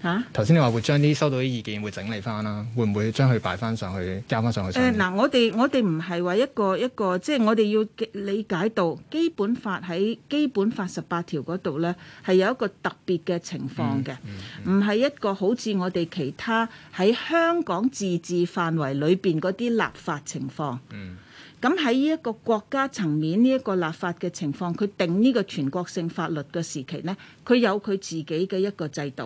嚇、啊！頭先你話會將啲收到啲意見會整理翻啦，會唔會將佢擺翻上去交翻上去？嗱、嗯嗯嗯，我哋我哋唔係話一個一個，一個，即係我哋要理解到基本法喺基本法十八條嗰度咧，係有一個特別嘅情況嘅，唔係、嗯嗯嗯、一個好似我哋其他喺香港自治範圍裏邊嗰啲立法情況。嗯。咁喺呢一個國家層面，呢一個立法嘅情況，佢定呢個全國性法律嘅時期呢，佢有佢自己嘅一個制度。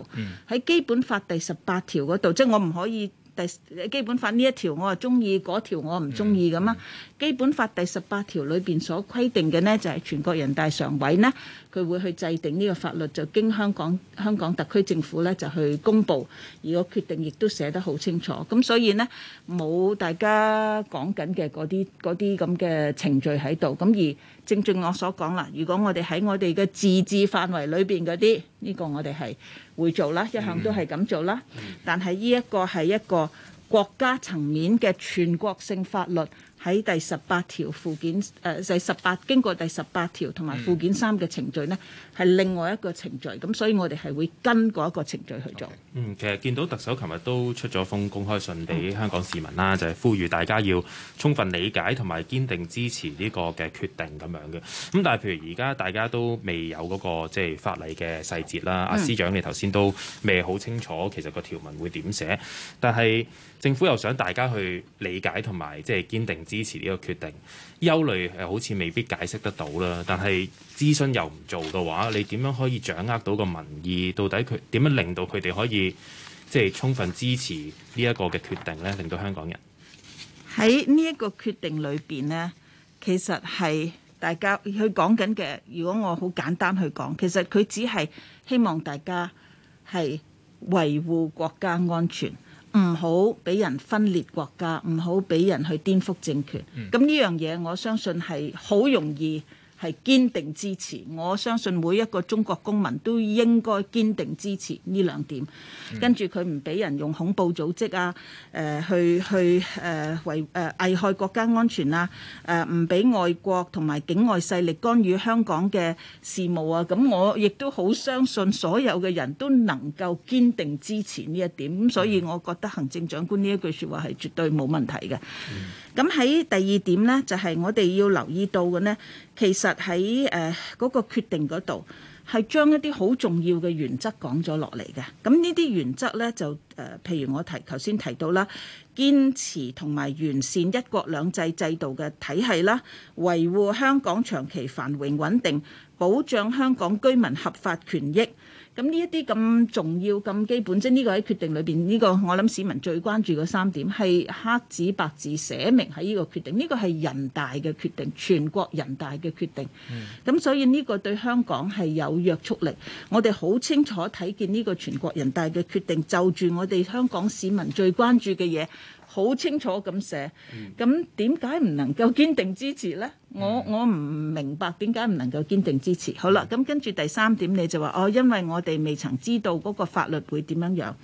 喺、mm. 基本法第十八條嗰度，即係我唔可以第基本法呢一條我係中意，嗰條我唔中意咁啊。基本法第十八條裏邊所規定嘅呢，就係、是、全國人大常委呢，佢會去制定呢個法律，就經香港香港特區政府呢，就去公布。而個決定亦都寫得好清楚，咁所以呢，冇大家講緊嘅嗰啲嗰啲咁嘅程序喺度。咁而正正我所講啦，如果我哋喺我哋嘅自治範圍裏邊嗰啲，呢個我哋係會做啦，一向都係咁做啦。但係呢一個係一個國家層面嘅全國性法律。喺第十八條附件，誒，第十八經過第十八條同埋附件三嘅程序咧。係另外一個程序，咁所以我哋係會跟嗰一個程序去做。Okay. 嗯，其實見到特首琴日都出咗封公開信俾香港市民啦，嗯、就係呼籲大家要充分理解同埋堅定支持呢個嘅決定咁樣嘅。咁但係譬如而家大家都未有嗰、嗰個即係法例嘅細節啦，阿、嗯、司長你頭先都未好清楚其實個條文會點寫，但係政府又想大家去理解同埋即係堅定支持呢個決定。憂慮誒好似未必解釋得到啦，但係諮詢又唔做嘅話，你點樣可以掌握到個民意？到底佢點樣令到佢哋可以即係充分支持呢一個嘅決定呢？令到香港人喺呢一個決定裏邊呢，其實係大家佢講緊嘅。如果我好簡單去講，其實佢只係希望大家係維護國家安全。唔好俾人分裂國家，唔好俾人去顛覆政權。咁呢、嗯、樣嘢，我相信係好容易。係堅定支持，我相信每一個中國公民都應該堅定支持呢兩點。跟住佢唔俾人用恐怖組織啊，誒、呃、去去誒為誒危害國家安全啊，誒唔俾外國同埋境外勢力干預香港嘅事務啊。咁我亦都好相信所有嘅人都能夠堅定支持呢一點。咁所以，我覺得行政長官呢一句説話係絕對冇問題嘅。嗯咁喺第二點呢，就係、是、我哋要留意到嘅呢，其實喺誒嗰個決定嗰度，係將一啲好重要嘅原則講咗落嚟嘅。咁呢啲原則呢，就誒、呃、譬如我提頭先提到啦，堅持同埋完善一國兩制制度嘅體系啦，維護香港長期繁榮穩定，保障香港居民合法權益。咁呢一啲咁重要咁基本，即係呢個喺決定裏邊，呢、這個我諗市民最關注嘅三點，係黑紙白字寫明喺呢個決定，呢、這個係人大嘅決定，全國人大嘅決定。咁、嗯、所以呢個對香港係有約束力，我哋好清楚睇見呢個全國人大嘅決定就住我哋香港市民最關注嘅嘢。好清楚咁寫，咁點解唔能夠堅定支持呢？我我唔明白點解唔能夠堅定支持。好啦，咁跟住第三點你就話哦，因為我哋未曾知道嗰個法律會點樣樣。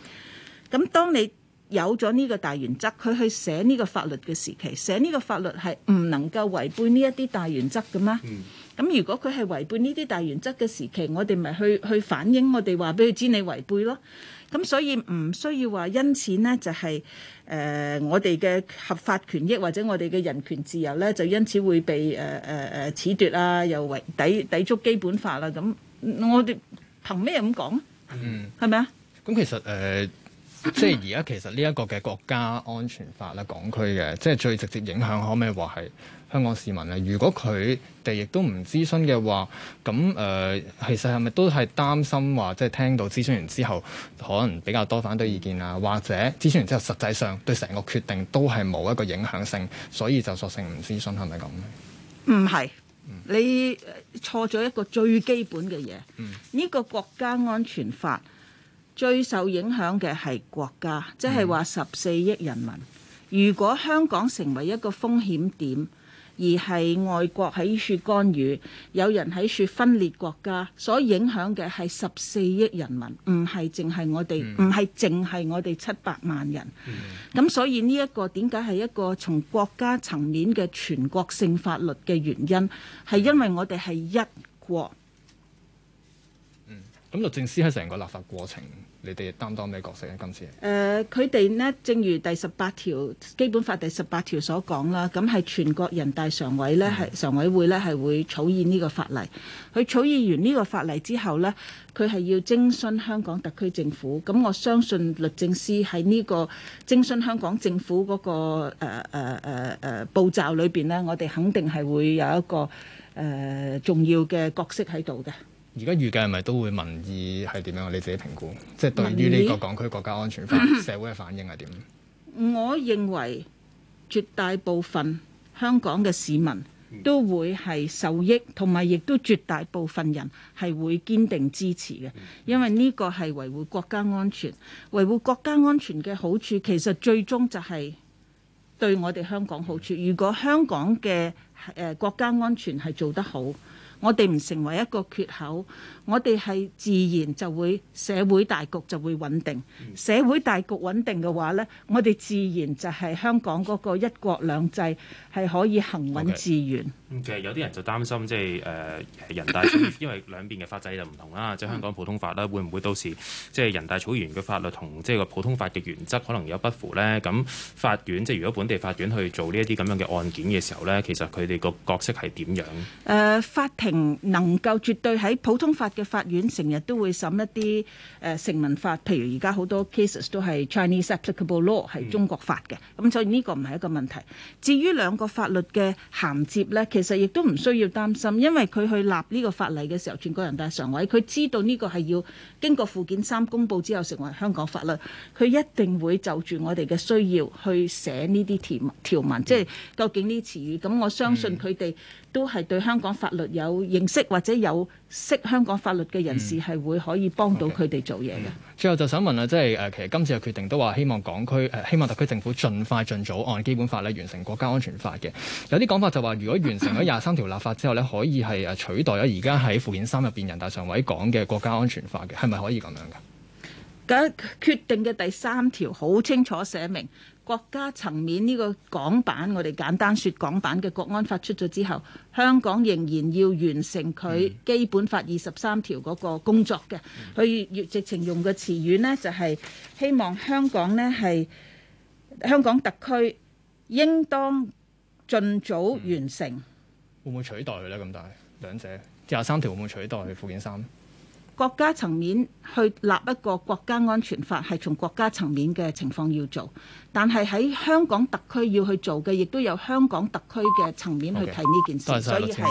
咁當你有咗呢個大原則，佢去寫呢個法律嘅時期，寫呢個法律係唔能夠違背呢一啲大原則嘅咩？咁如果佢係違背呢啲大原則嘅時期，我哋咪去去反映，我哋話俾佢知你違背咯。咁所以唔需要話因此呢、就是，就係誒我哋嘅合法權益或者我哋嘅人權自由呢，就因此會被誒誒誒褫奪啊，又違抵抵觸基本法啦、啊。咁我哋憑咩咁講啊？嗯，係咪啊？咁其實誒。呃即係而家，其實呢一個嘅國家安全法啦，港區嘅，即係最直接影響，可唔可以話係香港市民呀？如果佢哋亦都唔諮詢嘅話，咁誒、呃，其實係咪都係擔心話，即係聽到諮詢完之後，可能比較多反對意見啊，或者諮詢完之後，實際上對成個決定都係冇一個影響性，所以就索性唔諮詢，係咪咁？唔係是，嗯、你錯咗一個最基本嘅嘢。呢、嗯、個國家安全法。最受影響嘅係國家，即係話十四億人民。如果香港成為一個風險點，而係外國喺處干預，有人喺處分裂國家，所影響嘅係十四億人民，唔係淨係我哋，唔係淨係我哋七百萬人。咁、嗯、所以呢一個點解係一個從國家層面嘅全國性法律嘅原因，係因為我哋係一國。嗯，咁律政司喺成個立法過程，你哋擔當咩角色咧？今次誒，佢哋呢，正如第十八條基本法第十八條所講啦，咁係全國人大常委呢，係常委會呢，係會草擬呢個法例。佢草擬完呢個法例之後呢，佢係要徵詢香港特區政府。咁我相信律政司喺呢個徵詢香港政府嗰個誒誒誒誒步驟裏邊呢，我哋肯定係會有一個誒、呃、重要嘅角色喺度嘅。而家預計係咪都會民意係點樣？你自己評估，即係對於呢個港區國家安全法民意？社會嘅反應係點？我認為絕大部分香港嘅市民都會係受益，同埋亦都絕大部分人係會堅定支持嘅，因為呢個係維護國家安全。維護國家安全嘅好處其實最終就係對我哋香港好處，如果香港嘅誒、呃、國家安全係做得好。我哋唔成為一個缺口。我哋係自然就會社會大局就會穩定，社會大局穩定嘅話呢，我哋自然就係香港嗰個一國兩制係可以行穩致遠。Okay. 其實有啲人就擔心即係、呃、人大， [COUGHS] 因為兩邊嘅法制就唔同啦，即係香港普通法啦，會唔會到時即係人大草原嘅法律同即係個普通法嘅原則可能有不符呢？咁法院即係如果本地法院去做呢一啲咁樣嘅案件嘅時候呢，其實佢哋個角色係點樣？誒、呃，法庭能夠絕對喺普通法。嘅法院成日都會審一啲誒、呃、成文法，譬如而家好多 cases 都係 Chinese applicable law 係中國法嘅，咁所以呢個唔係一個問題。至於兩個法律嘅銜接呢，其實亦都唔需要擔心，因為佢去立呢個法例嘅時候，全國人大常委佢知道呢個係要經過附件三公佈之後成為香港法律，佢一定會就住我哋嘅需要去寫呢啲條文、嗯、條文，即係究竟呢啲詞語。咁我相信佢哋。嗯都係對香港法律有認識或者有識香港法律嘅人士係、嗯、會可以幫到佢哋做嘢嘅、嗯。最後就想問啊，即係誒、呃，其實今次嘅決定都話希望港區誒、呃，希望特區政府盡快盡早按基本法咧完成國家安全法嘅。有啲講法就話，如果完成咗廿三條立法之後咧，可以係誒取代咗而家喺附件三入邊人大常委講嘅國家安全法嘅，係咪可以咁樣噶？咁決定嘅第三條好清楚寫明。國家層面呢個港版，我哋簡單說港版嘅國安法出咗之後，香港仍然要完成佢基本法二十三條嗰個工作嘅。佢越直情用嘅詞語呢，就係希望香港呢係香港特區，應當盡早完成。會唔會取代佢呢？咁大兩者廿三條會唔會取代佢附件三？國家層面去立一個國家安全法，係從國家層面嘅情況要做，但係喺香港特區要去做嘅，亦都有香港特區嘅層面去睇呢件事，Okay. 所以係。